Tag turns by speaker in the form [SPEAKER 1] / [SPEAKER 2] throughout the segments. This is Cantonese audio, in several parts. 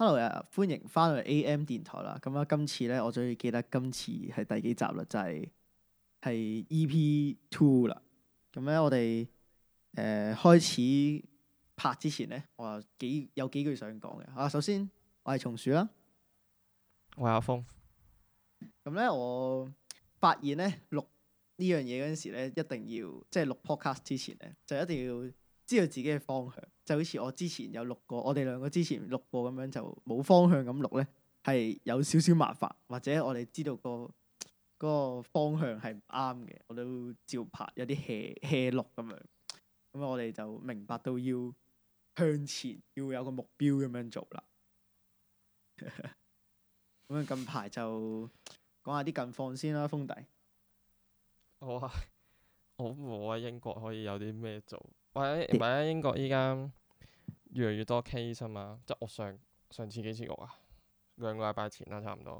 [SPEAKER 1] hello，yeah. 歡迎翻去 AM 電台啦。咁啊，今次咧，我最記得今次係第幾集啦？就係係 EP two 啦。咁咧，我哋誒開始拍之前咧，我有幾有幾句想講嘅啊。首先，我係松鼠啦，
[SPEAKER 2] 我係阿峰。
[SPEAKER 1] 咁咧，我發現咧，錄呢樣嘢嗰陣時咧，一定要即係錄 podcast 之前咧，就一定要知道自己嘅方向。就好似我之前有錄過，我哋兩個之前錄過咁樣就冇方向咁錄咧，係有少少麻煩，或者我哋知道、個、個方向係唔啱嘅，我都照拍，有啲 hea hea 錄咁樣，咁我哋就明白到要向前，要有個目標咁樣做
[SPEAKER 2] 啦。
[SPEAKER 1] 咁 啊近排就講下啲近況先啦，封底，
[SPEAKER 2] 我啊，我冇啊，英國可以有啲咩做？喂，唔係啊，英國依家～越嚟越多 case 啊嘛，即係我上上次幾次屋啊，兩個禮拜前啦，差唔多。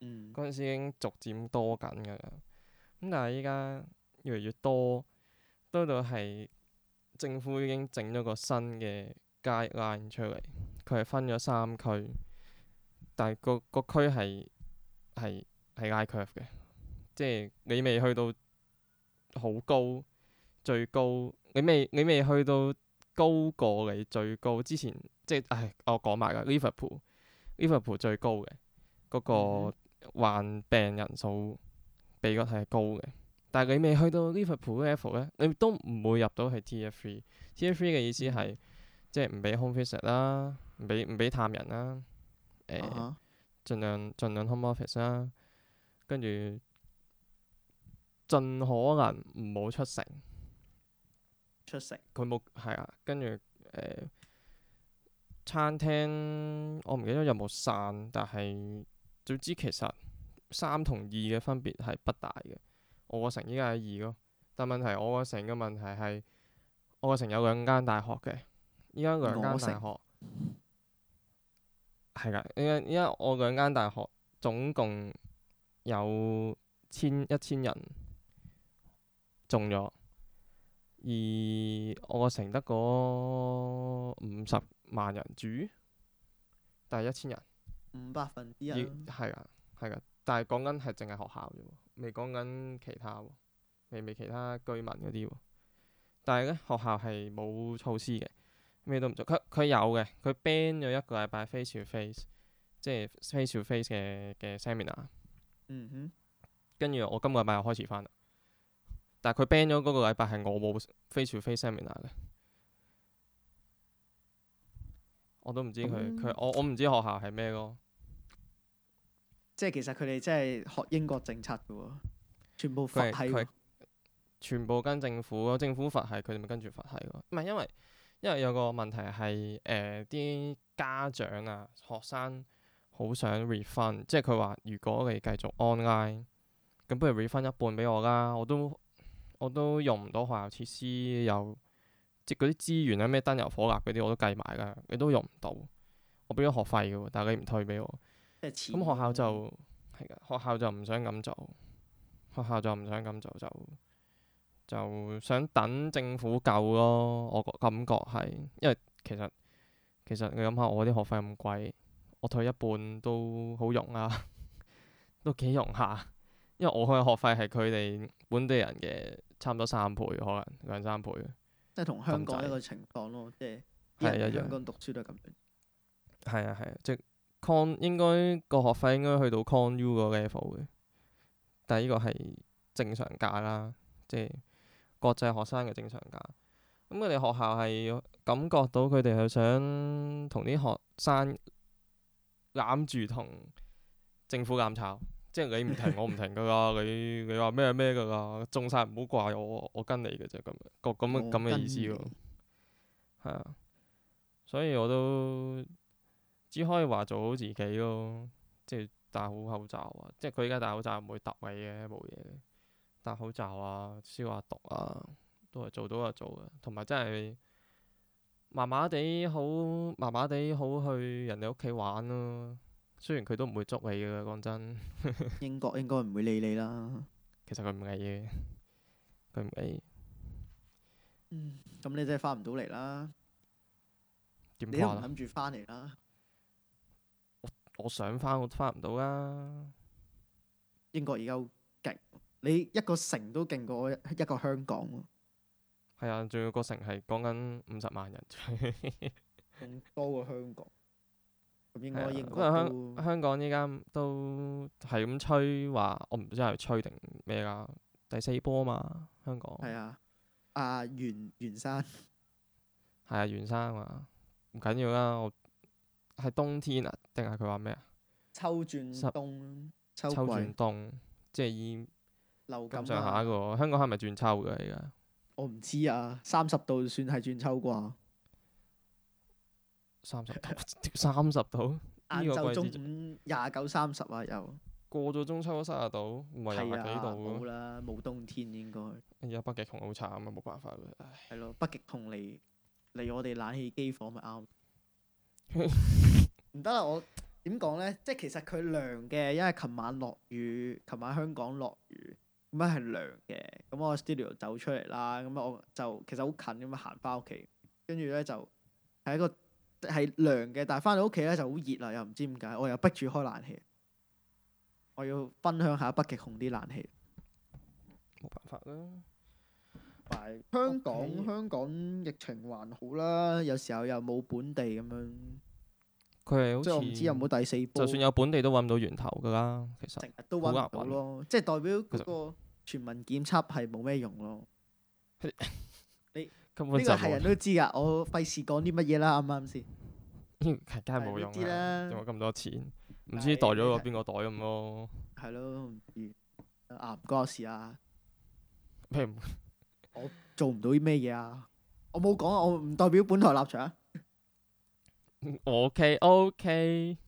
[SPEAKER 2] 嗰陣、嗯、時已經逐漸多緊嘅，咁但係依家越嚟越多，多到係政府已經整咗個新嘅 guideline 出嚟，佢係分咗三區，但係個個區係係係 icon 嘅，即係你未去到好高，最高你未你未去到。高過你最高之前，即係我講埋噶 Liverpool，Liverpool 最高嘅嗰、那個患病人數比較係高嘅。但係你未去到 Liverpool level 咧，你都唔會入到去 Tier Three。Tier Three 嘅意思係即係唔俾 home visit 啦，唔俾唔俾探人啦，誒、哎，uh huh. 盡量盡量 home office 啦，跟住盡可能唔好出城。出城佢冇係啊，跟住誒、呃、餐廳，我唔記得有冇散，但係總之其實三同二嘅分別係不大嘅。我個城依家係二咯，但問題我個城嘅問題係我個城有兩間大學嘅，依家兩間大學，係噶，依家依家我兩間大學總共有千一千人中咗。而我承得嗰五十萬人住，但係一千人，五百分之一，係啊，係啊，但係講緊係淨係學校啫，未講緊其他喎，未未其他居民嗰啲喎。但係咧，學校係冇措施嘅，咩都唔做。佢佢有嘅，佢 ban 咗一個禮拜 face to face，即係 face to face 嘅嘅 seminar。嗯
[SPEAKER 1] 哼，
[SPEAKER 2] 跟住我今個禮拜又開始返啦。但係佢 ban 咗嗰個禮拜係我冇 face to face seminar 嘅，我都唔知佢佢、嗯、我我唔知學校係咩咯。
[SPEAKER 1] 即係其實佢哋即係學英國政策嘅喎，
[SPEAKER 2] 全部佛系，佢係全部跟政府，政府佛系佢哋咪跟住佛系咯。唔係因為因為有個問題係誒啲家長啊學生好想 refund，即係佢話如果你繼續 online 咁，不如 refund 一半俾我啦，我都。我都用唔到學校設施，又即嗰啲資源啊，咩燈油火蠟嗰啲我都計埋㗎，你都用唔到。我俾咗學費嘅喎，但係佢唔退俾我。咁學校就係㗎，學校就唔想咁做，學校就唔想咁做，就就想等政府救咯。我感覺係，因為其實其實你諗下，我啲學費咁貴，我退一半都好用啊， 都幾用下，因為我嘅學費係佢哋本地人嘅。差唔多三倍，可能兩三倍。即
[SPEAKER 1] 係同香港一個情況咯，即係喺香港讀書都係咁樣。
[SPEAKER 2] 係啊係啊，啊，即係 Con 應該個學費應該去到 Con U 個 level 嘅，但係呢個係正常價啦，即係國際學生嘅正常價。咁佢哋學校係感覺到佢哋係想同啲學生攬住同政府攬炒。即係你唔停 我唔停噶啦，你你話咩咩噶啦，中晒唔好怪我，我跟你嘅啫咁，個咁咁嘅意思咯，係啊， 所以我都只可以話做好自己咯，即係戴好口罩啊，即係佢而家戴口罩唔會揼你嘅。冇嘢，戴口罩啊，消下、啊、毒啊，都係做到就做嘅，同埋真係麻麻地好麻麻地好去人哋屋企玩咯、啊。雖然佢都唔會捉你嘅，講真。
[SPEAKER 1] 英國應該唔會理你， 理
[SPEAKER 2] 理、嗯、你啦。其實佢唔係嘅，佢唔係。嗯，
[SPEAKER 1] 咁你真係翻唔到嚟啦。
[SPEAKER 2] 點話啦？你都唔諗
[SPEAKER 1] 住翻嚟啦。
[SPEAKER 2] 我想翻，我翻唔到啦。英國而家
[SPEAKER 1] 好勁，你一個城都勁過一一個香港喎。
[SPEAKER 2] 係啊、 嗯，仲要個城係講緊五十萬人。仲
[SPEAKER 1] 多過香港。邊個？應該英國都
[SPEAKER 2] 香港依家都係咁吹話，我唔知係吹定咩啦。第四波啊嘛，香港。
[SPEAKER 1] 係啊，阿袁
[SPEAKER 2] 袁生。係啊，袁生啊袁山嘛，唔緊要啦。我係冬天啊，定係佢話咩啊？
[SPEAKER 1] 秋轉冬，十秋，季秋轉冬，
[SPEAKER 2] 冬即係依咁上下個。啊、香港係咪轉秋嘅而家？
[SPEAKER 1] 我唔知啊，三十度算係轉秋啩。三十度，三十度。晏晝中午
[SPEAKER 2] 廿九三十啊，又過咗中秋都卅度，唔係廿幾度咯。冇啦，冇冬天應該。而家北極熊好慘啊，冇辦法。
[SPEAKER 1] 係咯，北極熊嚟嚟我哋冷氣機房咪啱。唔得啦，我點講咧？即係其實佢涼嘅，因為琴晚落雨，琴晚香港落雨，咁樣係涼嘅。咁我 studio 走出嚟啦，咁我就其實好近咁樣行翻屋企，跟住咧就係一個。係涼嘅，但係翻到屋企咧就好熱啦，又唔知點解，我又逼住開冷氣，我要分享下北極熊啲冷氣，冇辦法啦。香港，Okay. 香港疫情還好啦，有時候又冇本地咁樣。
[SPEAKER 2] 佢係好似，即係我唔知有冇第四波。就算有本地都揾唔到源頭噶啦，其實成日都揾唔到
[SPEAKER 1] 咯，即係代表嗰個全民檢測係冇咩用咯。
[SPEAKER 2] 根本就冇人，人
[SPEAKER 1] 都知噶，我費事講啲乜嘢啦，啱唔啱先？梗係冇用啦，用咗
[SPEAKER 2] 咁多錢，唔是知袋咗個邊個袋咁咯。係咯，唔
[SPEAKER 1] 啱唔關我事啊。譬如， 我做唔到啲咩嘢啊？我冇講啊，我唔代表本台立場。
[SPEAKER 2] O K O K，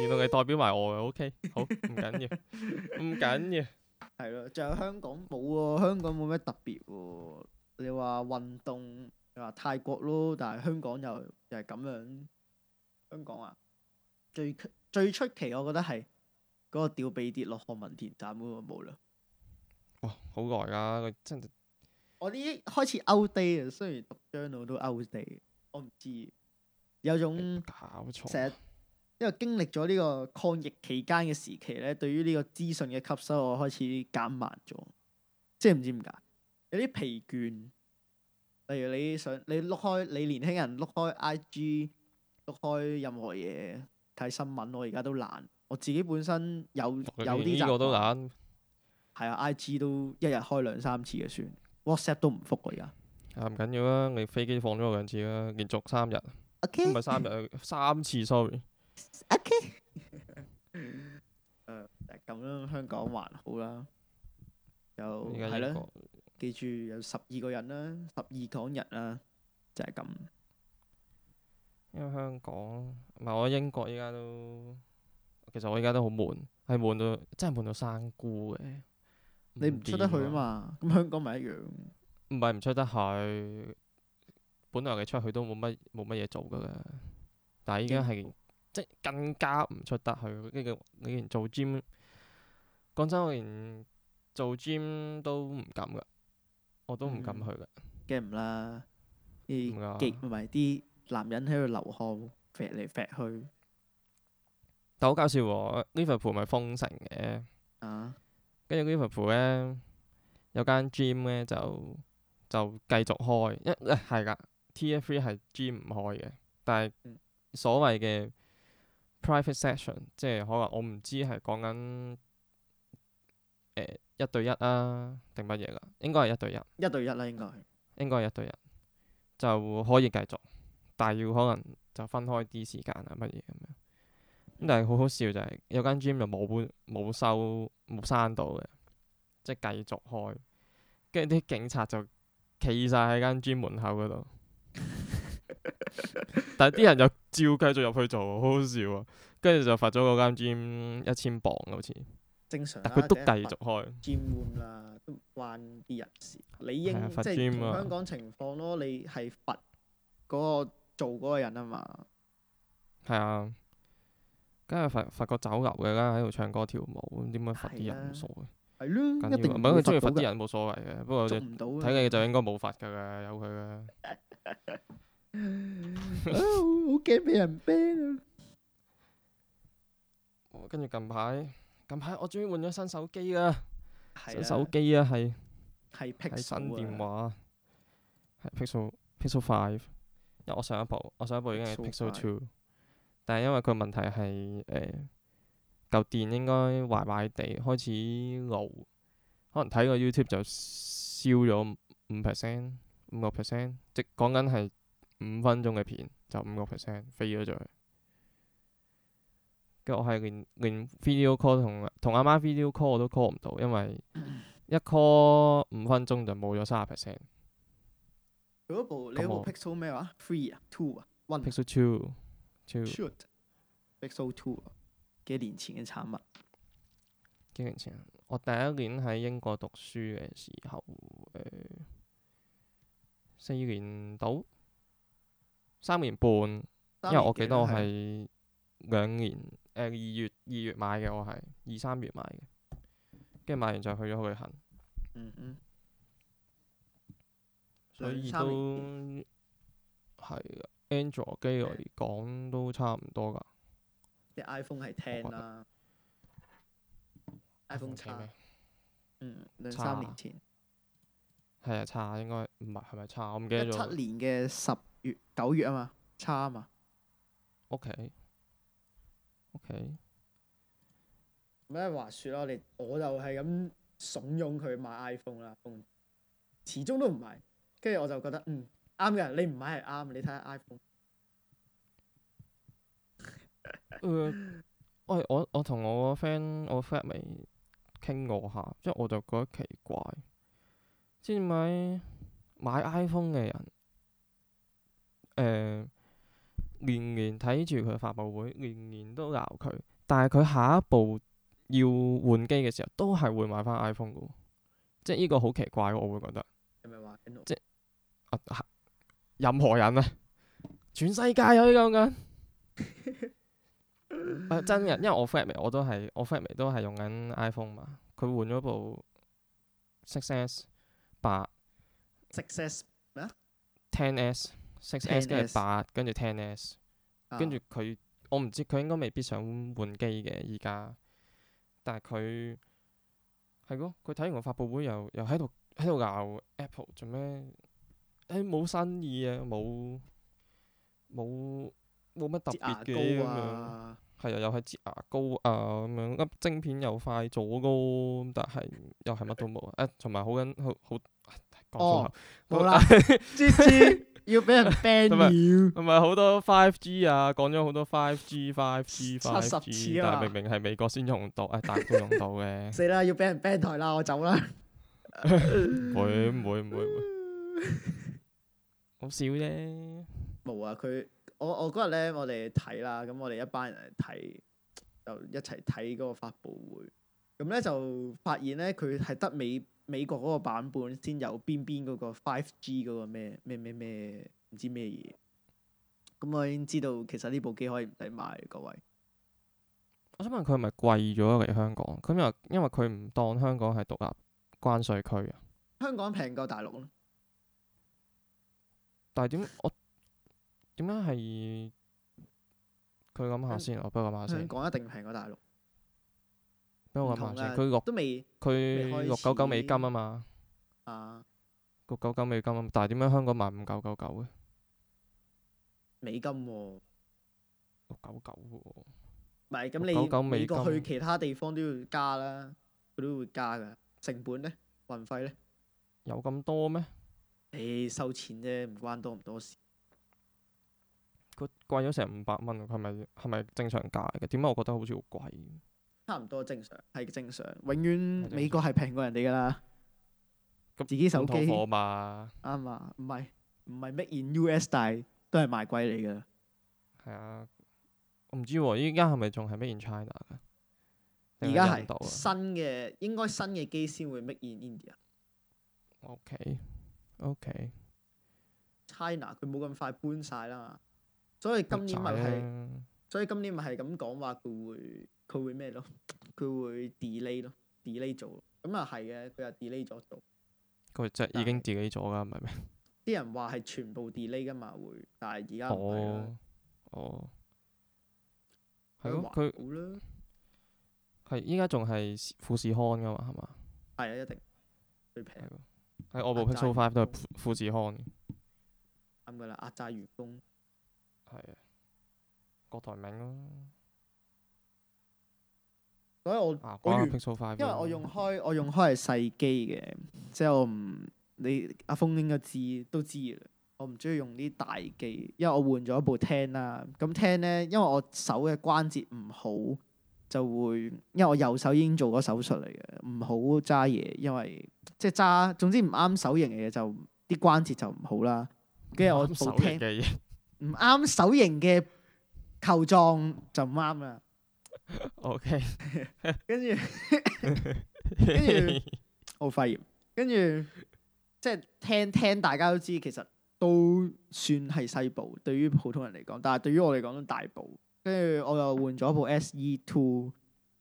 [SPEAKER 2] 原來你代表埋我，O K。Okay, 好，唔緊要，唔緊要。
[SPEAKER 1] 係咯，就香港冇喎，香港冇咩特別喎。你話運動，你話泰國咯，但係香港又又係咁樣。香港啊，最最出奇，我覺得係嗰個吊臂跌落何文田站咁啊，冇
[SPEAKER 2] 啦。哇，好耐啊！真係
[SPEAKER 1] 我啲開始 out day，雖然讀 journal 都 out day，我唔知有種搞錯。成日因為經歷咗呢個抗疫期間嘅時期咧，對於呢個資訊嘅吸收，我開始減慢咗，即係唔知點解。.有啲疲倦，例如你想你碌開，你年輕人碌開 I G 碌開任何嘢睇新聞，我而家都懶。我自己本身有、這個、有啲都懶，係啊 I G 都一日開兩三次嘅算，WhatsApp 都唔覆而家
[SPEAKER 2] 啊。啊唔緊要啦，你飛機放咗我兩次啦，連續三日。O Okay ? K。唔係三日三次 sorry。O Okay ? K、 呃。
[SPEAKER 1] 誒咁樣，香港還好啦，有係咯。 記住有十二個人啦，啊，十二港
[SPEAKER 2] 人啊，就係、是、咁。因為香港，唔係我英國依家都，其實我依家都好悶，係悶到真係悶到生菇嘅。哎、你唔出得去啊嘛，
[SPEAKER 1] 咁香港咪一樣，
[SPEAKER 2] 唔係唔出得去。本來你出去都冇乜冇乜嘢做噶啦，但係依家係即更加唔出得去。跟住我連做 gym，講真，我連做 gym 都唔敢噶。我都唔敢去嘅
[SPEAKER 1] game 啦，啲極唔係啲男人喺度流汗，劈嚟劈去。但
[SPEAKER 2] 係好搞笑喎，Liverpool 咪封城嘅。跟住、啊、Liverpool 咧，有間 gym 咧就就繼續開，一係噶。Tier 3係 gym 唔開嘅，但係所謂嘅 private session，即係可能我唔知係講緊。誒、欸，一對一啊，定乜嘢噶？應該係一對一。
[SPEAKER 1] 一對一啦，應該。
[SPEAKER 2] 應該係一對一，就可以繼續，但係要可能就分開啲時間啊，乜嘢咁樣。咁但係好好笑就係、是，有間 Gym 就冇冇收冇閂到嘅，即係繼續開，跟住啲警察就企晒喺間 Gym 門口嗰度， 但係啲人就照繼續入去做，好好笑啊！跟住就罰咗嗰間 Gym 一千磅啊，好似。正常啦，但佢都繼續開。
[SPEAKER 1] 換啦，都換啲人事。你應即係香港情況咯，你係罰嗰個做嗰個人啊嘛。
[SPEAKER 2] 係啊，梗係罰罰個酒樓嘅啦，喺度唱歌跳舞，點解罰啲人數啊？係咯，一定唔好佢中意罰啲人冇所謂嘅，不過睇嚟就應該冇罰㗎啦，由佢啦。
[SPEAKER 1] 好驚俾人 ban 啊！
[SPEAKER 2] 我跟住近排。近排我終於換咗新手機啊！新手機啊，係係 Pixel，係新電話，係 Pixel Pixel Five。因為我上一部我上一部已經係 Pixel Two，但係因為佢問題係誒嚿電應該壞壞地開始漏，可能睇個 YouTube 就燒咗五 percent、五個 percent，即係講緊係五分鐘嘅片就五個 percent 飛咗咗去。跟我係連連 video call 同同阿媽,媽 video call 我都 call 唔到因為一 call 五分鐘就冇咗三十 percent
[SPEAKER 1] 你部你部麼、啊啊、Pixel 咩話 three 啊 two 啊 one Pixel two two Pixel two 啊幾年前嘅產物
[SPEAKER 2] 幾年前啊我第一年喺英國讀書嘅時候誒四、呃、年到三年半三年因為我記得我係是兩年誒二月二月買嘅我係二三月買嘅，跟住買完就去咗旅行。嗯嗯，所以都係啊。Android 機嚟講都差唔多㗎。啲、啊、iPhone
[SPEAKER 1] 係 Ten 啦，iPhone X。嗯，兩三年前。
[SPEAKER 2] 係啊差，差應該唔係係咪差我唔記得咗。一七年
[SPEAKER 1] 嘅十月九月啊嘛差啊嘛。O K。Okay。O.K. 咩話說啦，你我就係咁慫恿佢買 iPhone 啦，始終都唔買，跟住我就覺得嗯啱嘅，你唔買係啱，你睇下 iPhone。
[SPEAKER 2] 喂、 欸，我我同我個 friend，我 friend 未傾過下，即係我就覺得奇怪，之前買買 iPhone 嘅人誒。呃年年睇住佢發佈會，年年都鬧佢，但係佢下一步要換機嘅時候，都係會買翻 iPhone 噶，即係呢個好奇怪，我會覺得。係咪話？即係、啊、任何人啊，全世界可以咁噶。真人？因為我 family 我都係，我 family 都係用緊 iPhone 嘛，佢換咗部 S 8, Success 八，Success 咩？Ten S。six S，跟住八，跟住 ten S，跟住佢，我唔知佢應該未必想換機嘅。依家，但係佢係咯，佢睇完個發布會又又喺度喺度鬧 Apple 做咩？誒、欸、冇新意啊，冇冇冇乜特別嘅咁樣係啊，又係擠牙膏啊咁樣，噏、啊、晶片又快咗咯，但係又係乜都冇啊！誒， 同埋好緊好好講粗口好啦，芝要俾人 ban 了，同埋好多 5G 啊，講咗好多 5G、5G、5G，七十次啦。但係明明係美國先用到，但、哎、大陸用到嘅。死
[SPEAKER 1] 啦！要俾人 ban 台啦，我走啦。
[SPEAKER 2] 會唔會唔會？會會會
[SPEAKER 1] 好少啫。冇啊！佢我我嗰日咧，我哋睇啦，咁我哋一班人嚟睇，就一齊睇嗰個發布會。咁咧就發現咧，佢係得美。美國嗰個版本先有邊邊嗰個 5G 嗰個咩咩咩咩唔知咩嘢，咁我已經知道其實呢部機可以唔使買，各位。
[SPEAKER 2] 我想問佢係咪貴咗嚟香港？佢因為因為佢唔當香港係獨立關稅區啊，
[SPEAKER 1] 香港平過大陸咯。
[SPEAKER 2] 但係點我點解？係佢諗下先，港我不過諗下先。
[SPEAKER 1] 講一定平過大陸。
[SPEAKER 2] 俾我賣錢，佢六都未，佢六九九美金啊嘛，啊，六九九美金啊，但係點解香港賣五九九九嘅
[SPEAKER 1] 美金喎，哦？六九九喎，唔係咁你美國去其他地方都要加啦，佢都會加噶，成本咧，運費咧，
[SPEAKER 2] 有咁多咩？
[SPEAKER 1] 你收錢啫，唔關多唔多事。
[SPEAKER 2] 佢貴咗成五百蚊，係咪係咪正常價嘅？點解我覺得好似好貴？
[SPEAKER 1] 差唔多正常，係正常。
[SPEAKER 2] 永遠美國係
[SPEAKER 1] 平過人哋噶啦，那自己手機。咁，偷貨嘛？啱嘛？唔係
[SPEAKER 2] 唔係 make in US，但係都係賣貴嚟噶。係啊，我唔知依家係咪仲係 make in China 噶？而家係
[SPEAKER 1] 新嘅，應該新嘅機先會 make in India。
[SPEAKER 2] O K，O
[SPEAKER 1] K，China 佢冇咁快搬晒啦，
[SPEAKER 2] 所以今年咪係，
[SPEAKER 1] 所以今年咪係咁講話佢會。佢會咩咯？佢會 delay 咯，delay 做咁啊，係、嗯、嘅，佢又 delay 咗做。
[SPEAKER 2] 佢即係已經 delay 咗噶，唔係咩？
[SPEAKER 1] 啲人話係全部 delay 噶嘛，會，但係而家哦，
[SPEAKER 2] 哦，係咯，佢好啦。係依家仲係富士康噶嘛？係嘛？係啊，一定最平。喺我部 Pixel 5都係富士康。啱噶啦，壓榨員工。係啊，郭台銘咯。
[SPEAKER 1] 所以我我因為我用開我用開係細機嘅，即係我唔你阿鋒應該知都知啦。我唔中意用啲大機，因為我換咗部 Ten 啦。咁 Ten 咧，因為我手嘅關節唔好，就會因為我右手已經做過手術嚟嘅，唔好揸嘢，因為即係揸總之唔啱手型嘅嘢就啲關節就唔好啦。跟住我部 Ten 唔啱手型嘅 球狀就唔啱啦。O K，
[SPEAKER 2] 跟住着笑跟住
[SPEAKER 1] 我發炎，跟住即係聽聽，聽大家都知其實都算係細部對於普通人嚟講，但係對於我嚟講都大部。跟住我又換咗部 S E Two，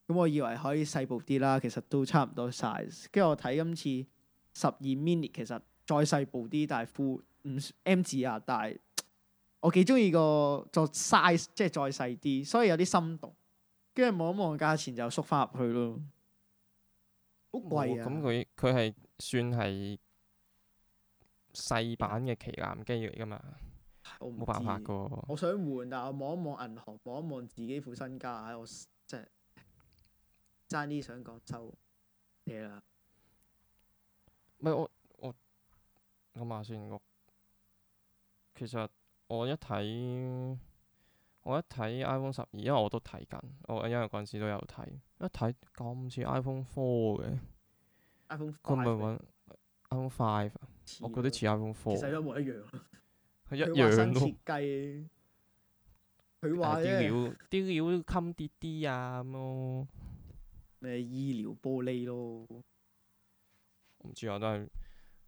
[SPEAKER 1] 咁我以為可以細部啲啦，其實都差唔多 size。跟住我睇今次十二 mini，其實再細部啲，但係 full 唔算 M 字呀，但係我幾中意個作 size，即係再細啲，所以有啲心動。跟住望一望價錢就縮翻入去咯，好貴、嗯、啊！咁佢
[SPEAKER 2] 佢係算係細版嘅旗艦機嚟噶嘛？冇辦法噶，我
[SPEAKER 1] 想換，但係我望一望銀行，望一望自己副身家，唉，我即係爭啲想割手，係啦。
[SPEAKER 2] 唔係我我諗下先，我其實我一睇。我一睇 iPhone 十二，因為我都睇緊，我因為嗰陣時都有睇，一睇咁似 iPhone four 嘅 iPhone 佢唔係搵 iPhone five，啊、了我覺得似 iPhone four。一模一
[SPEAKER 1] 樣，佢一樣都。新設計。
[SPEAKER 2] 佢話啲料，啲料襟跌啲啊，咁咯是，咩醫療玻璃咯，唔知啊。都係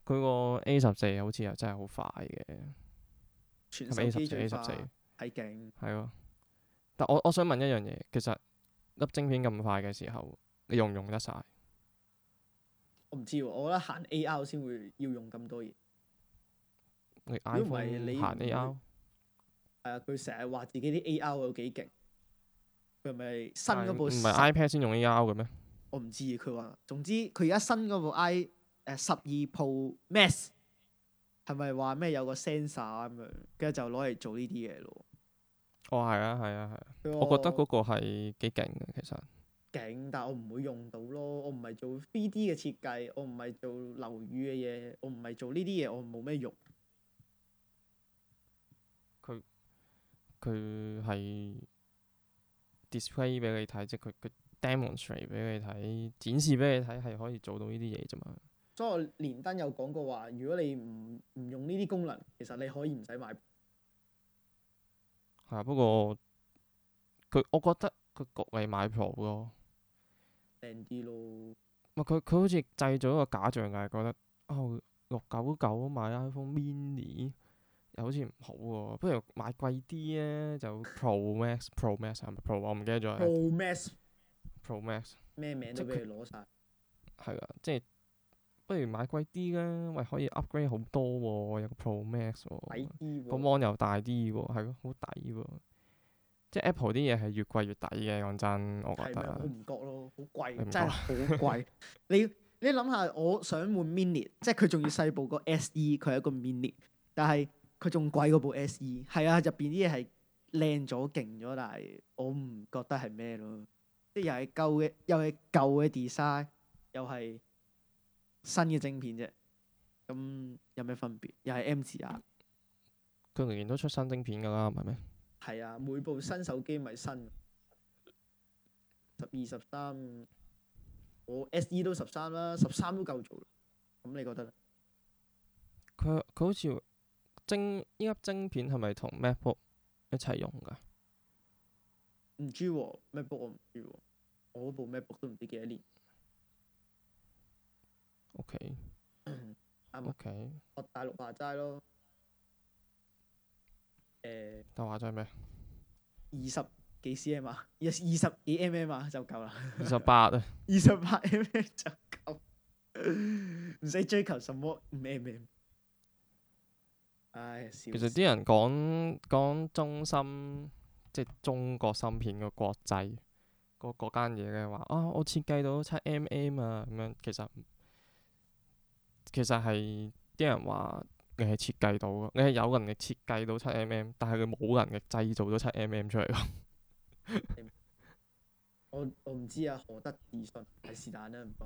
[SPEAKER 2] 佢個 A 十四好似又真係好快嘅，
[SPEAKER 1] 係咪 A 十四？A 十四。睇鏡，
[SPEAKER 2] 係咯，但我我想問一樣嘢，其實粒晶片咁快嘅時候，你用唔用得晒？
[SPEAKER 1] 我唔知喎，我覺得行 A.R. 先會要用咁多嘢。
[SPEAKER 2] 因為你行
[SPEAKER 1] i A.R. 係啊，佢成日話自己啲 A.R. 有幾勁。佢咪新嗰部唔係 iPad
[SPEAKER 2] 先用 A.R. 嘅咩？
[SPEAKER 1] 我唔知，佢話總之佢而家新嗰部 i 誒十二 Pro Max。係咪話咩有個 sensor 咁樣，跟住就攞嚟做呢啲嘢咯？
[SPEAKER 2] 哦，係啊，係啊，係啊。我覺得嗰個係幾勁嘅，其實。
[SPEAKER 1] 勁，但係我唔會用到咯。我唔係做 3D 嘅設計，我唔係做樓宇嘅嘢，我唔係做呢啲嘢，我冇咩用。
[SPEAKER 2] 佢佢係 display 俾你睇，即係佢佢 demonstrate 俾你睇，展示俾你睇，係可以做到呢啲嘢啫嘛。
[SPEAKER 1] 所以我連登有講過話，如果你唔唔用呢啲功能，其實你可以唔使買。
[SPEAKER 2] 係啊，不過佢我覺得佢局係買 Pro 咯，
[SPEAKER 1] 靚啲咯。
[SPEAKER 2] 唔，佢佢好似製造一個假象，就係覺得啊六九九買 iPhone Mini 又好似唔好喎、啊，不如買貴啲咧就 Pro Max Pro Max 係咪 Pro？我唔記得咗係 Pro Max Pro Max 咩名都俾佢攞晒，係啊，即係。不如買貴啲啦，喂，可以 upgrade 好多喎、哦，有個 Pro Max 喎、哦，哦、個 mon 又大啲喎、哦，係咯，好抵喎。即 Apple 啲嘢係越貴越抵嘅，講真，我覺得。係咩？我唔覺咯，好貴，真係好貴。 你
[SPEAKER 1] 你諗下，我想換 mini，即係佢仲要細部個 SE，佢係一個 mini，但係佢仲貴過部 SE。係啊，入邊啲嘢係靚咗、勁咗，但係我唔覺得係咩咯。即又係舊嘅，又係舊嘅 design，又係。又新嘅晶片啫，咁有咩分別？又係 M 字啊？
[SPEAKER 2] 佢年年都出新晶片噶啦，唔係咩？
[SPEAKER 1] 係啊，每部新手機咪新。十二十三，我 SE 都十三啦，十三都夠做啦。咁你覺得咧？
[SPEAKER 2] 佢佢好似晶呢粒晶片係咪同 MacBook 一齊用噶？唔
[SPEAKER 1] 知喎、啊，MacBook 我唔知喎、啊，我嗰部 MacBook 都唔知幾多年。
[SPEAKER 2] O K，啱 O K，
[SPEAKER 1] 學大陸話齋咯。誒、呃，大陸話齋咩？二十幾 cm 啊，二十一 mm 啊，就夠啦。二十八啊。二十八 mm 就夠，唔使、mm、 追求什麼咩咩、mm，哎。唉，其實啲人
[SPEAKER 2] 講講中芯，即係中國芯片個國際個嗰間嘢嘅話啊，我設計到七 mm 啊，咁樣其實。其實係啲人話你係設計到嘅，你係有能力設計到七 M M，但係佢冇能力製造咗七 M M 出嚟咯
[SPEAKER 1] 我我唔知啊，何德何能係是但啦唔該。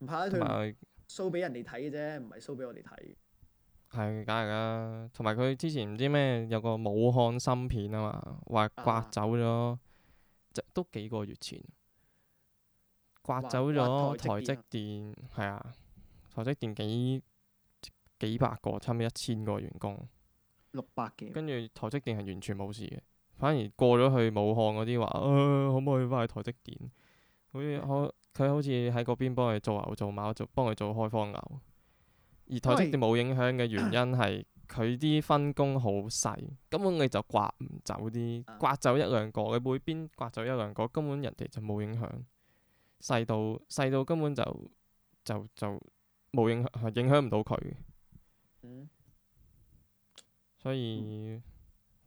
[SPEAKER 1] 唔怕啊，佢 show 俾人哋睇嘅啫，唔係 show 俾我哋睇。
[SPEAKER 2] 係梗係啦，同埋佢之前唔知咩有個武漢芯片啊嘛，話刮走咗，啊啊都幾個月前。刮走咗台積電，係啊，台積電幾幾百個差唔多一千個員工，六百幾。跟住，台積電係完全冇事嘅，反而過咗去武漢嗰啲話，啊、哎，可唔可以翻去台積電的好似可佢好似喺嗰邊幫佢做牛做馬做幫佢做開荒牛。而台積電冇影響嘅原因係佢啲分工好細，根本你就刮唔走啲，刮走一兩個，你每邊刮走一兩個根本人哋就冇影響。細到細到根本就就就冇影響，影響唔到佢嘅。嗯，所以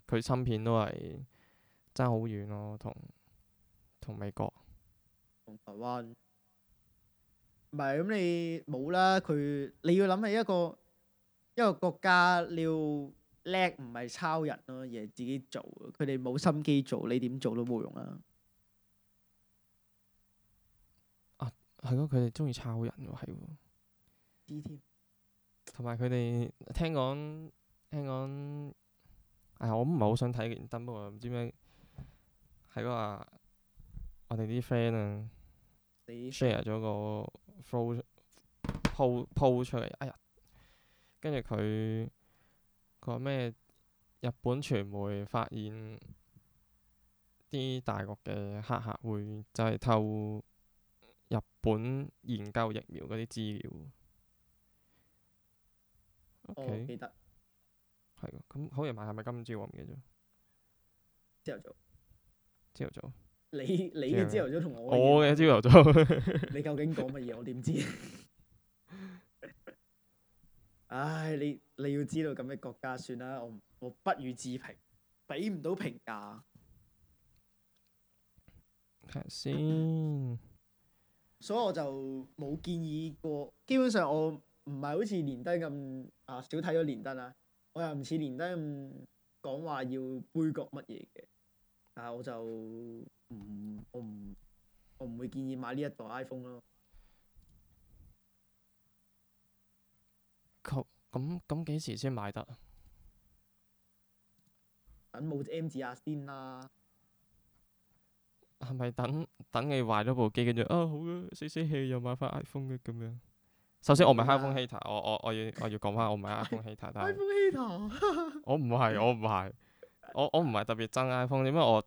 [SPEAKER 2] 佢芯片都係爭好遠咯，哦，同同美國，
[SPEAKER 1] 同台灣。唔係咁你冇啦，佢你要諗起一個一個國家你要叻，唔係抄人咯，而係自己做。佢哋冇心機做，你點做都冇用啦，啊。
[SPEAKER 2] 係咯，佢哋中意抄人喎，係喎。同埋佢哋聽講，聽講，唉，呀，我唔係好想睇連登，不過，唔知咩係嗰我哋啲 friend 啊，share 咗個 po po po 出嚟，哎呀，跟住佢佢話咩？日本傳媒發現啲大陸嘅黑客會就係偷，日本研究疫苗嗰啲資料，我記得係咯，咁好似賣係咪今朝我唔記得，朝頭早，朝頭早，早，早，早，你你嘅朝頭早同我嘅朝頭早，你
[SPEAKER 1] 究竟講乜嘢我點知？ 唉，你你要知道咁嘅國家算啦，我不我不予置評，俾唔到評價。睇
[SPEAKER 2] 下先。所
[SPEAKER 1] 以我就冇建議過，基本上我唔係好似連登咁啊，少睇咗連登啦，我又唔似連登咁講話要杯葛乜嘢嘅，但係我就唔我唔我唔會建議買呢一代 iPhone 咯。
[SPEAKER 2] 扣咁咁幾時先買得？
[SPEAKER 1] 等冇隻 M 字啊先啦。
[SPEAKER 2] 係咪等等？等你壞咗部機，跟住啊好啊，死死氣又買翻 iPhone 嘅咁樣。首先我唔係 iPhone hater。我我我要我要講翻我唔係 iPhone hater。我唔係，我唔係， 我 hone，我唔係特別憎 iPhone，點解我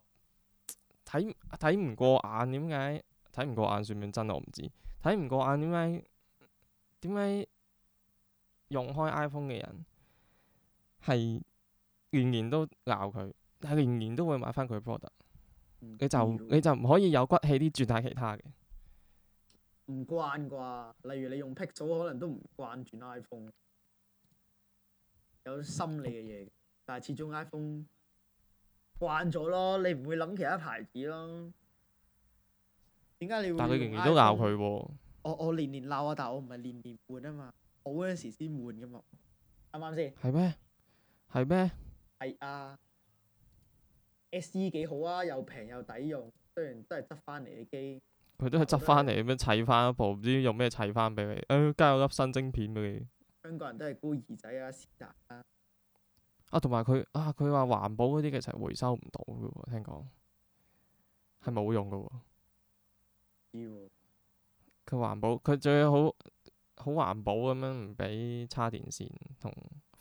[SPEAKER 2] 睇睇唔過眼？點解睇唔過眼？算唔算真？我唔知。睇唔過眼，點解點解用開 iPhone 嘅人係年年都鬧佢，但係年年都會買翻佢 product。你就你就唔可以有骨氣啲轉下其他嘅，
[SPEAKER 1] 唔慣啩？例如你用 Pixel 可能都唔慣轉 iPhone，有心理嘅嘢，但係始終 iPhone 慣咗咯，你唔會諗其他牌子咯。點解你會？但佢仍然都鬧
[SPEAKER 2] 佢喎。
[SPEAKER 1] 我我年年鬧啊，但係我唔係年年換啊嘛，我嗰陣時先換噶嘛，啱啱先？
[SPEAKER 2] 係咩？係咩嗎？
[SPEAKER 1] 係嗎啊。S E 幾好啊，又平又抵用，雖然都係執翻嚟嘅機。
[SPEAKER 2] 佢都係執翻嚟咁樣砌翻一部，唔知用咩砌翻俾佢。誒、呃，加咗粒新晶片俾佢。
[SPEAKER 1] 香港人都係孤兒仔啊，是但
[SPEAKER 2] 啊。同埋佢啊，佢話、啊、環保嗰啲其實回收唔到嘅喎，聽講係冇用嘅喎。
[SPEAKER 1] 要的。
[SPEAKER 2] 佢環保，佢最好好環保咁樣唔俾叉電線同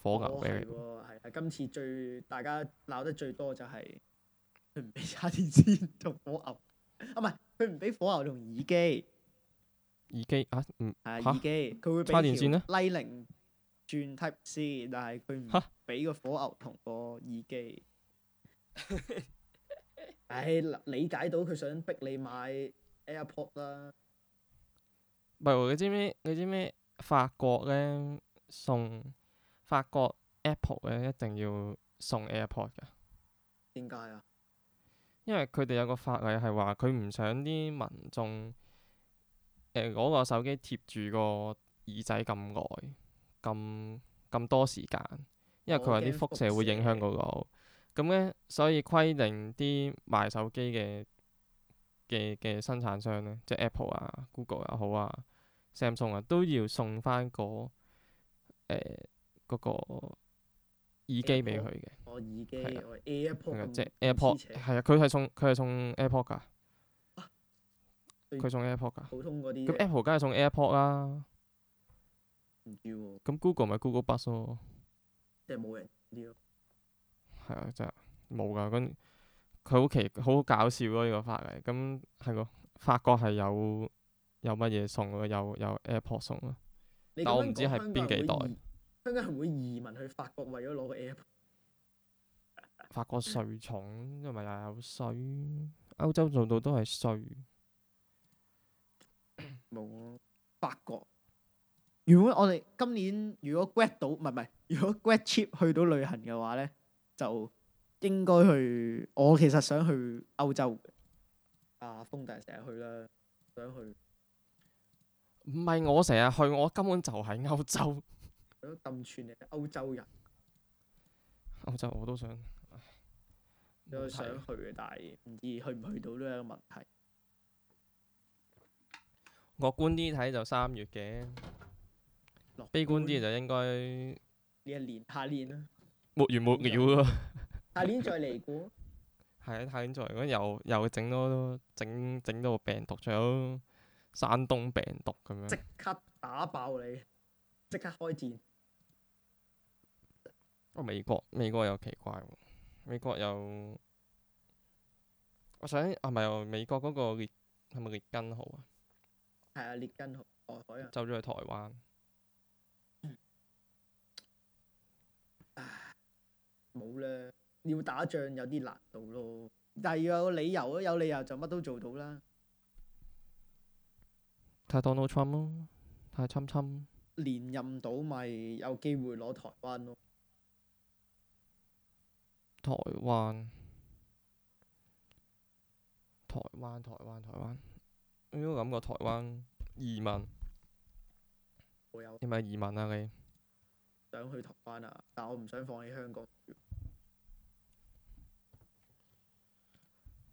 [SPEAKER 2] 火牛俾
[SPEAKER 1] 佢、哦。今次最大家鬧得最多就係、是。佢唔俾插電線同、啊、火牛，啊唔係，佢唔俾火牛同耳機，
[SPEAKER 2] 耳機啊，嗯，耳機，佢會俾插電線啊
[SPEAKER 1] ，Lightning 轉 type C，但係佢唔俾個火牛同個耳機。唉，理解到佢想逼你買 AirPod 啦、
[SPEAKER 2] 啊。唔係，你知唔知？你知唔知？法國咧送法國 Apple 咧，一定要送 AirPod 噶。
[SPEAKER 1] 點解啊？
[SPEAKER 2] 因為佢哋有個法例係話，佢唔想啲民眾誒攞個手機貼住個耳仔咁耐，咁咁多時間，因為佢話啲輻射會影響嗰個。咁咧，所以規定啲賣手機嘅嘅嘅生產商咧，即係 Apple 啊、Google 又、啊、好啊、Samsung 啊，都要送翻個誒嗰個。呃、那個耳機俾佢嘅，
[SPEAKER 1] 係啊，即係 AirPod，
[SPEAKER 2] 係啊，佢係送佢係送 AirPod 噶，佢送 AirPod 噶，普通啲，咁 Apple 梗係送 AirPod 啦，咁 Google 咪 Google Bus 咯，
[SPEAKER 1] 即
[SPEAKER 2] 係冇人係冇噶，咁佢好奇好搞笑咯、啊、呢、呢個法例，咁係個法國係有有乜嘢送咯，有有，有 AirPod 送咯，但我唔知係邊幾代。
[SPEAKER 1] 香港人會移民去法國為咗攞個 app。
[SPEAKER 2] 法國稅重，因為又有稅。歐洲度度都係稅。
[SPEAKER 1] 冇啊！法國。
[SPEAKER 2] 如果我哋
[SPEAKER 1] 今年如果 grad 到，唔係唔係，如果 grad trip 去到旅行嘅話咧，就應該去。我其實
[SPEAKER 2] 想去歐洲。
[SPEAKER 1] 啊，風大成日去啦，想去。
[SPEAKER 2] 唔係我成日去，我根本就喺歐洲。
[SPEAKER 1] 我都氹穿嘅，歐洲人。
[SPEAKER 2] 歐洲我都想，唉
[SPEAKER 1] 都想去嘅，但係唔知去唔去到都係一個問題。
[SPEAKER 2] 樂觀啲睇就三月嘅，悲觀啲就應該呢一年下年啦，沒完沒了咯， 下年再嚟過。係啊，下年再嚟如果又又整多咯，整整到病毒，仲有山東病毒咁樣，即
[SPEAKER 1] 刻打爆你，即刻開戰。
[SPEAKER 2] 美國美國又奇怪喎，美國又我想係咪又美國嗰個列係咪列根號啊？
[SPEAKER 1] 係啊，列根號啊。走
[SPEAKER 2] 咗去台灣。
[SPEAKER 1] 冇啦，要打仗有啲難度咯，但係要有理由咯，有理由就乜都做到啦。
[SPEAKER 2] 太 Donald Trump 咯，太侵侵。
[SPEAKER 1] 連任到咪有機會攞台
[SPEAKER 2] 灣咯？台灣，台灣，台灣，台灣。呢個感覺台灣移民會有。你咪移民啊你！你
[SPEAKER 1] 想去台灣啊！但係我唔想放棄香港。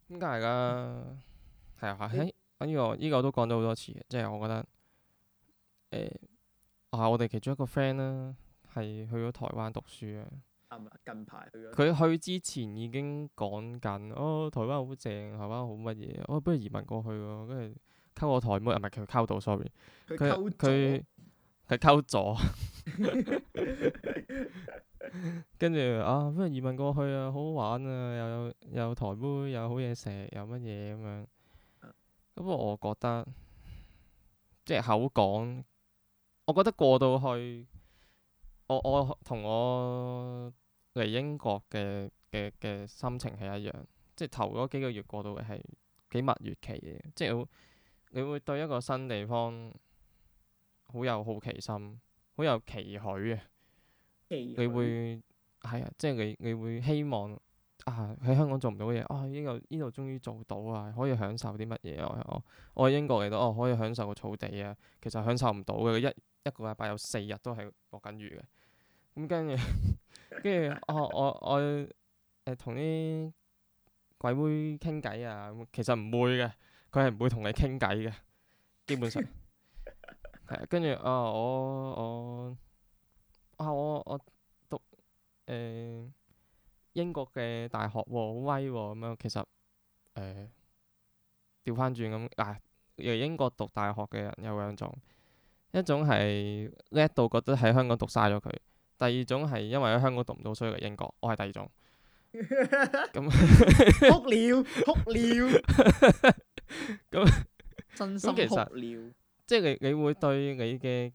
[SPEAKER 2] 點解係㗎？係啊，嚇！呢個呢、呢個我都講咗好多次即係我覺得誒、欸，啊，我哋其中一個 friend 啦、啊，係去咗台灣讀書嘅。
[SPEAKER 1] 近排佢去
[SPEAKER 2] 之前已經講緊哦，台灣好正，台灣好乜嘢哦，不如移民過去喎。跟住溝我台妹，又唔係佢溝到，sorry，佢佢佢溝咗。跟住啊，不如移民過去啊，好好玩啊，又有有台妹，又好嘢食，有乜嘢咁樣。咁、啊、我覺得即、即係、口講，我覺得過到去，我我同我。我嚟英國嘅嘅嘅心情係一樣，即係頭嗰幾個月過到嘅係幾蜜月期嘅，即係好你會對一個新地方好有好奇心，好有期許啊！緒你會係啊，即係你你會希望啊喺香港做唔到嘅嘢啊，呢度呢度終於做到啊，可以享受啲乜嘢啊？我喺英國嚟到哦，可以享受個草地啊，其實享受唔到嘅，一一,一個禮拜有四日都係落緊雨嘅。咁跟住。 哦呃、跟住我我我誒同啲鬼妹傾偈啊，其實唔會嘅，佢係唔會同你傾偈嘅，基本上係、 哦哦呃、啊。跟住啊，我我啊我我讀誒英國嘅大學喎，好威喎咁樣。其實誒調翻轉咁啊，嚟英國讀大學嘅人有兩種，一種係叻到覺得喺香港讀嘥咗佢。第二種係因為喺香港讀唔到所以嚟英國，我係第二種。咁哭了哭了。咁真心哭了。即係你你會對你嘅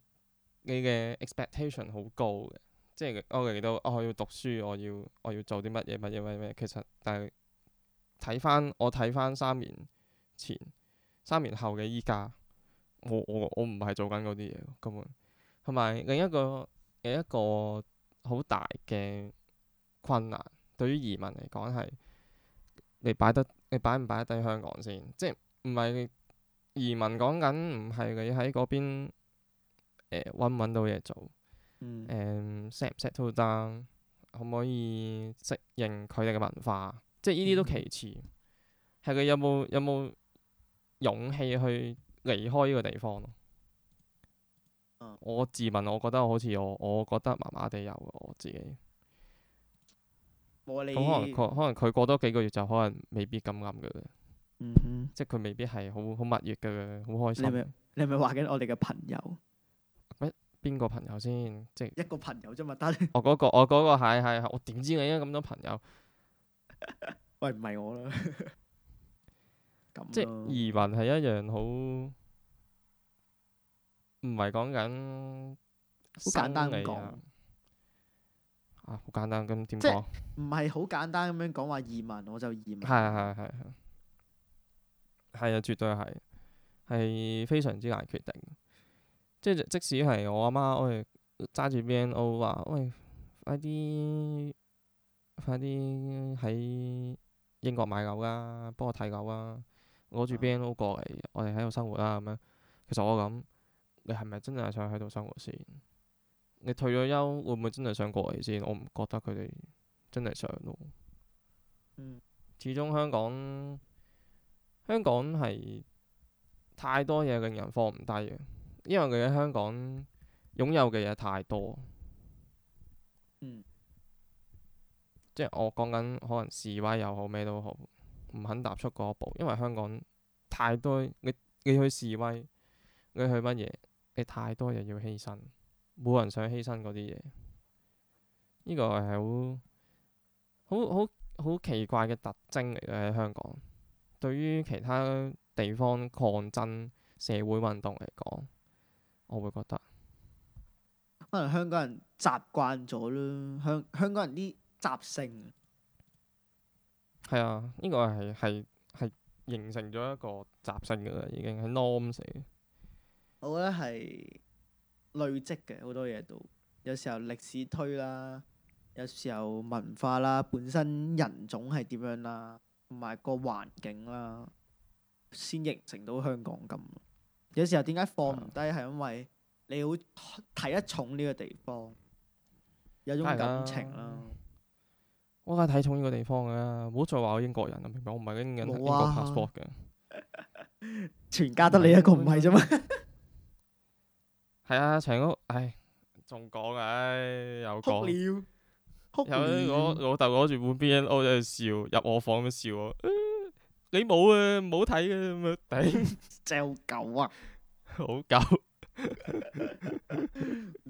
[SPEAKER 2] 你嘅 expectation 好高嘅，即係我嚟到我要讀書，我要我要做啲乜嘢乜嘢乜嘢。其實但係睇翻我睇翻三年前，三年後嘅依家，我我我唔係做緊嗰啲嘢咯。咁同埋另一個。有一個好大嘅困難，對於移民嚟講係你擺得，你擺唔擺得低香港先？即係唔係移民講緊唔係你喺嗰邊誒揾唔揾到嘢做，誒、嗯嗯、set 唔 settle down，可唔可以適應佢哋嘅文化？即係呢啲都其次，係佢、嗯、有冇有冇勇氣去離開呢個地方？我自問，我覺得好似我，我覺得麻麻地有我自
[SPEAKER 1] 己。你可能佢，
[SPEAKER 2] 可能佢過多幾個月就可能未必咁啱嘅。嗯哼即係佢未必係好好蜜月嘅，好開心。你係咪話緊我哋嘅朋友？乜邊個朋友先？即一個朋友啫嘛，單。我嗰個，我嗰個係係，我點知你有咁多朋友？
[SPEAKER 1] 喂，唔係我啦。
[SPEAKER 2] 即係移民係一樣好。唔係講緊好簡單咁講啊，好簡單咁點
[SPEAKER 1] 講？唔係好簡單咁樣講話移民我就移民。係
[SPEAKER 2] 係係啊，係啊，絕對係，係非常之難決定。即係即使係我阿媽，我哋揸住 B N O 話，喂、哎，快啲，快啲喺英國買樓啦，幫我睇樓、NO、啊，攞住 B N O 過嚟，我哋喺度生活啦咁樣。其實我咁。你係咪真係想喺度生活先？你退咗休會唔會真係想過嚟先？我唔覺得佢哋真係想咯。嗯，始終香港香港係太多嘢令人放唔低嘅，因為佢喺香港擁有嘅嘢太多。即係我講緊可能示威又好咩都好，唔肯踏出嗰一步，因為香港太多你你去示威，你去乜嘢？你太多嘢要犧牲，冇人想犧牲嗰啲嘢，呢個係好好好好奇怪嘅特徵嚟嘅喺香港。對於其他地方抗爭社會運動嚟講，我會覺得
[SPEAKER 1] 可能香港人習慣咗啦，香香港人啲習性。
[SPEAKER 2] 係啊，呢個係係係形成咗一個習性嘅啦，已經係 norm 嚟
[SPEAKER 1] 我覺得係累積嘅，好多嘢都有時候歷史推啦，有時候文化啦，本身人種係點樣啦，同埋個環境啦，先形成到香港咁。有時候點解放唔低係因為你好睇得重呢個地方，有種感情
[SPEAKER 2] 啦。我梗係睇重呢個地方嘅，唔好再話我英國人啊，明白我唔係英國人，我英，啊、英國 passport 嘅，
[SPEAKER 1] 全家得你一個唔係啫嘛。是
[SPEAKER 2] 係啊，長屋，唉，仲講啊，唉，又講，有我老豆攞住本 B N O 喺度笑，入我房咁笑我，你冇啊，冇睇啊，咁樣頂， 真係好狗啊，好狗舊。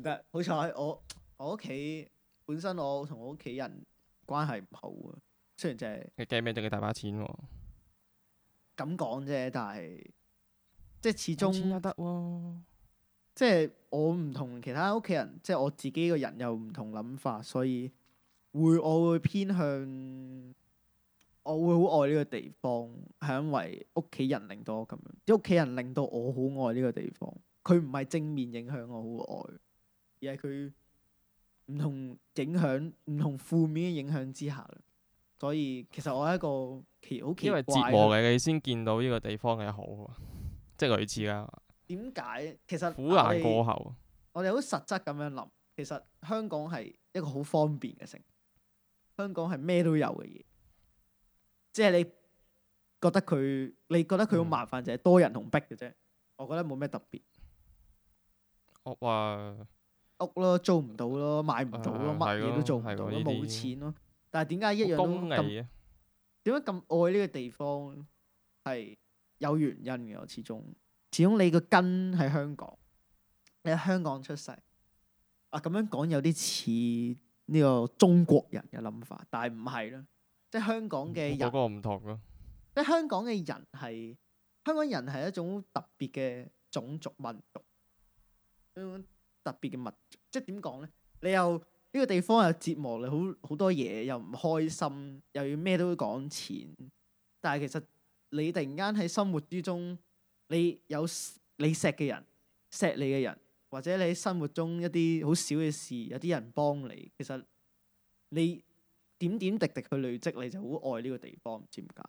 [SPEAKER 2] 但 係 好
[SPEAKER 1] 彩我我屋企本身我同我屋企人關係唔好啊，雖然就係
[SPEAKER 2] 你 game 咩仲要大把錢喎，啊，
[SPEAKER 1] 咁講啫，但係即係始終都得喎。即係我唔同其他屋企人，即係我自己個人有唔同諗法，所以會我會偏向我會好愛呢個地方，係因為屋企人令到我咁樣，啲屋企人令到我好愛呢個地方。佢唔係正面影響我好愛，而係佢唔同影響、唔同負面嘅影響之下。所以其實我係一個奇好，
[SPEAKER 2] 奇怪因為折磨嘅你先見到呢個地方嘅好，即係類似㗎。點解？
[SPEAKER 1] 其實苦難過後，我哋好實質咁樣諗，其實香港係一個好方便嘅城，香港係咩都有嘅嘢，即係你覺得佢，你覺得佢好麻煩就係、嗯、多人同逼嘅啫。我覺得冇咩特別。
[SPEAKER 2] 屋啊，
[SPEAKER 1] 屋咯，租唔到咯，買唔到咯，乜嘢、啊、都做唔到咯，冇、啊、錢咯。但係點解一樣都咁點解咁愛呢個地方？係有原因嘅，我始終。始終你個根喺香港，你喺香港出世，啊咁樣講有啲似呢個中國人嘅諗法，但係唔係咯，即係香港嘅人，嗰個唔同咯。即係香港嘅人係香港人係一種特別嘅種族民族，種特別嘅民族。即係點講咧？你又呢個地方又折磨你，好好多嘢又唔開心，又要咩都講錢。但係其實你突然間喺生活之中。你有你錫嘅人，錫你嘅人，或者你生活中一啲好少嘅事，有啲人幫你，其實你點點滴滴去累積，你就好愛呢個地方，唔知點解，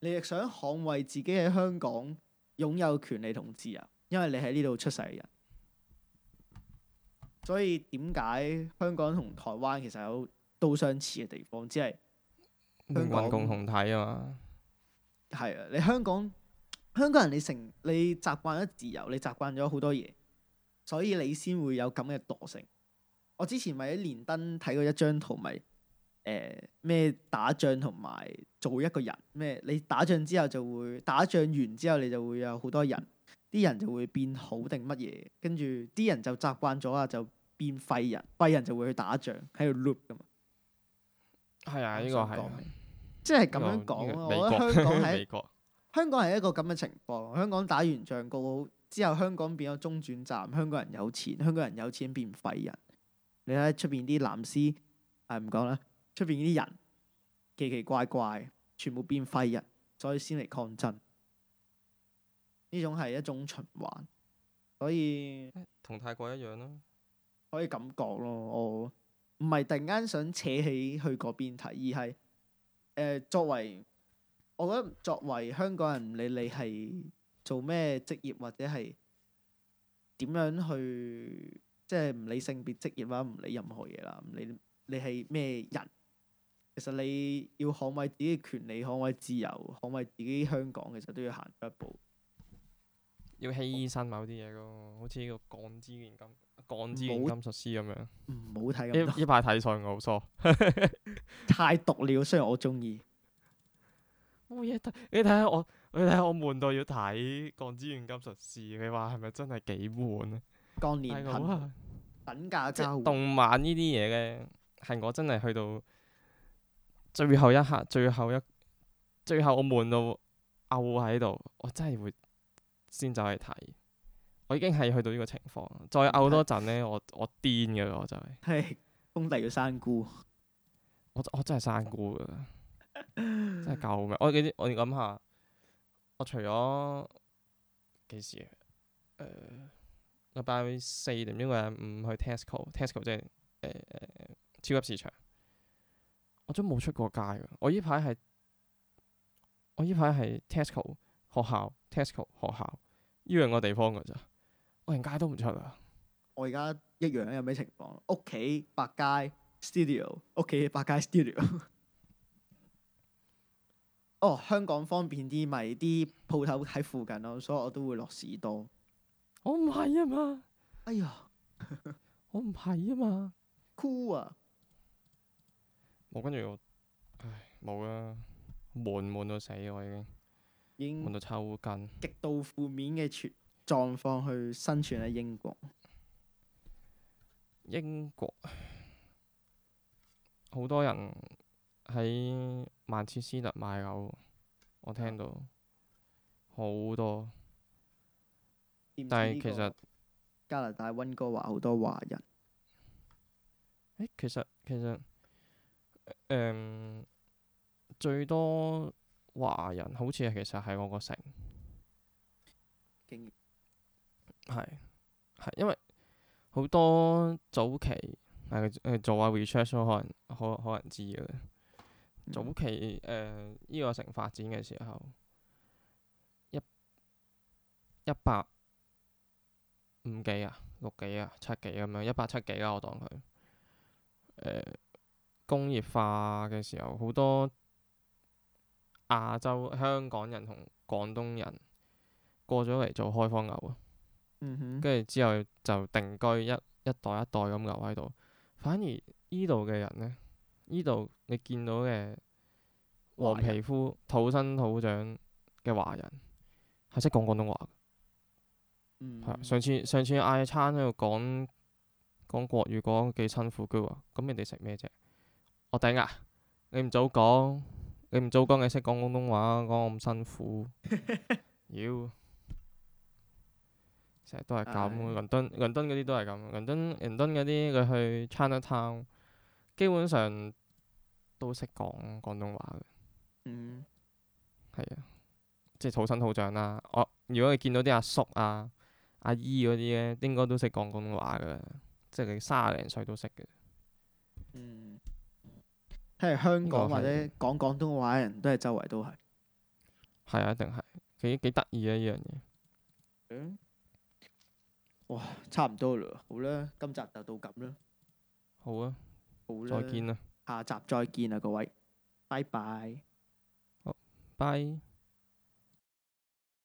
[SPEAKER 1] 你亦想捍衞自己喺香港擁有權利同自由，因為你喺呢度出世嘅人。所以點解香港同台灣其實有都相似嘅地方，只係香港共同體啊嘛。係啊，你香港。香港人，你成你習慣咗自由，你習慣咗好多嘢，所以你先會有咁嘅惰性。我之前咪喺連登睇過一張圖，咪誒咩打仗同埋做一個人咩？你打仗之後就會打仗完之後，你就會有好多人啲人就會變好定乜嘢？跟住啲人就習慣咗啊，就變廢人，廢人就會去打仗喺度 loop 㗎嘛。
[SPEAKER 2] 係啊，呢、呢個係即係咁樣講咯。我覺得香港喺
[SPEAKER 1] 香港係一個咁嘅情況，香港打完仗告之後，香港變咗中轉站，香港人有錢，香港人有錢變廢人。你睇出邊啲藍絲，誒唔講啦，出邊啲人奇奇怪怪，全部變廢人，所以先嚟抗爭。呢種係一種循環，所以
[SPEAKER 2] 同泰國一樣咯。
[SPEAKER 1] 可以咁講咯，我唔係突然間想扯起去嗰邊睇，而係、呃、作為。我覺得作為香港人，唔理你係做咩職業或者係點樣去，即係唔理性別職業啦，唔理任何嘢啦。咁你你係咩人？其實你要捍衞自己嘅權利、捍衞自由、捍衞自己香港，其實都要行一步。
[SPEAKER 2] 要犧牲某嗰啲嘢咯，好似呢個鋼之鍊金、鋼之鍊金術師咁樣。唔好睇咁多。呢排睇賽我好疏。 太毒了，雖然我中意。你睇下我，你睇下我悶到要睇《鋼之鍊金術師》，你是是，你話係咪真係幾悶啊？鋼煉係等價交換。動漫呢啲嘢咧，係我真係去到最後一刻、最後一、最後我悶到嘔喺度，我真係會先走去睇。我已經係去到呢個情況，再嘔多陣咧，我我癲㗎我就係、係。係工地要生菇，我我真係生菇啊！真係夠咩？我記得，我諗下，我除咗幾時？誒、呃，禮拜四定唔知禮拜五去 Tesco，Tesco 即係誒超級市場，我都冇出過街嘅。我呢排係我呢排係 Tesco 學校，Tesco 學校呢兩個地方噶咋，我連街都唔出啊。我
[SPEAKER 1] 而家一樣有咩情況？屋企百佳 Studio，屋企
[SPEAKER 2] 百佳 Studio
[SPEAKER 1] 哦，香港方便啲，咪啲鋪頭喺附近咯，所以我都會落士多。
[SPEAKER 2] 我唔係啊嘛，哎呀， 我唔係啊嘛，cool 啊！我跟住我，唉，冇啦，悶悶到死，我已經已經悶到抽筋，極度負面嘅
[SPEAKER 1] 狀況去生存喺英國。
[SPEAKER 2] 英國好多人。喺曼徹斯特買樓，我聽到好、嗯、多，
[SPEAKER 1] 但係其實加拿大溫哥華好多華人。
[SPEAKER 2] 欸、其實其實誒、呃、最多華人好似其實係我個城，
[SPEAKER 1] 經驗
[SPEAKER 2] 係係因為好多早期誒佢、呃、做下 research，可能可可能知嘅。早期誒呢、呃這個城發展嘅時候，一一百五幾啊、六幾啊、七幾咁、啊、樣，一百七幾啦、啊，我當佢、呃、工業化嘅時候，好多亞洲香港人同廣東人過咗嚟做開荒牛啊，跟住、嗯、哼之後就定居一一代一代咁留喺度，反而呢度嘅人咧。呢度你見到嘅黃皮膚人土生土長嘅華人係識講廣東話，
[SPEAKER 1] 係、嗯
[SPEAKER 2] 嗯、上次上次嗌餐喺度講講國語講幾辛苦嘅喎，咁人哋食咩啫？我頂啊！你唔早講，你唔早講，你識講廣東話講我咁辛苦，妖成日都係咁唉。倫敦倫敦嗰啲都係咁，倫敦倫敦嗰啲佢去，去 China Town。基本上都識講廣東話嘅，嗯，係啊，即係土生土長啦、啊。我如果你見到啲阿叔啊、阿姨嗰啲咧，應該都識講廣東話嘅喇，即係佢卅零歲都識嘅。嗯，喺香港或者
[SPEAKER 1] 講廣東話嘅人都係周
[SPEAKER 2] 圍都係。係啊，一定係幾幾得意啊！依樣嘢。嗯。
[SPEAKER 1] 哇，差唔多啦，好啦，今集就到咁啦。
[SPEAKER 2] 好啊。
[SPEAKER 1] 好啦！下集再見啦，各位，拜拜，好，拜。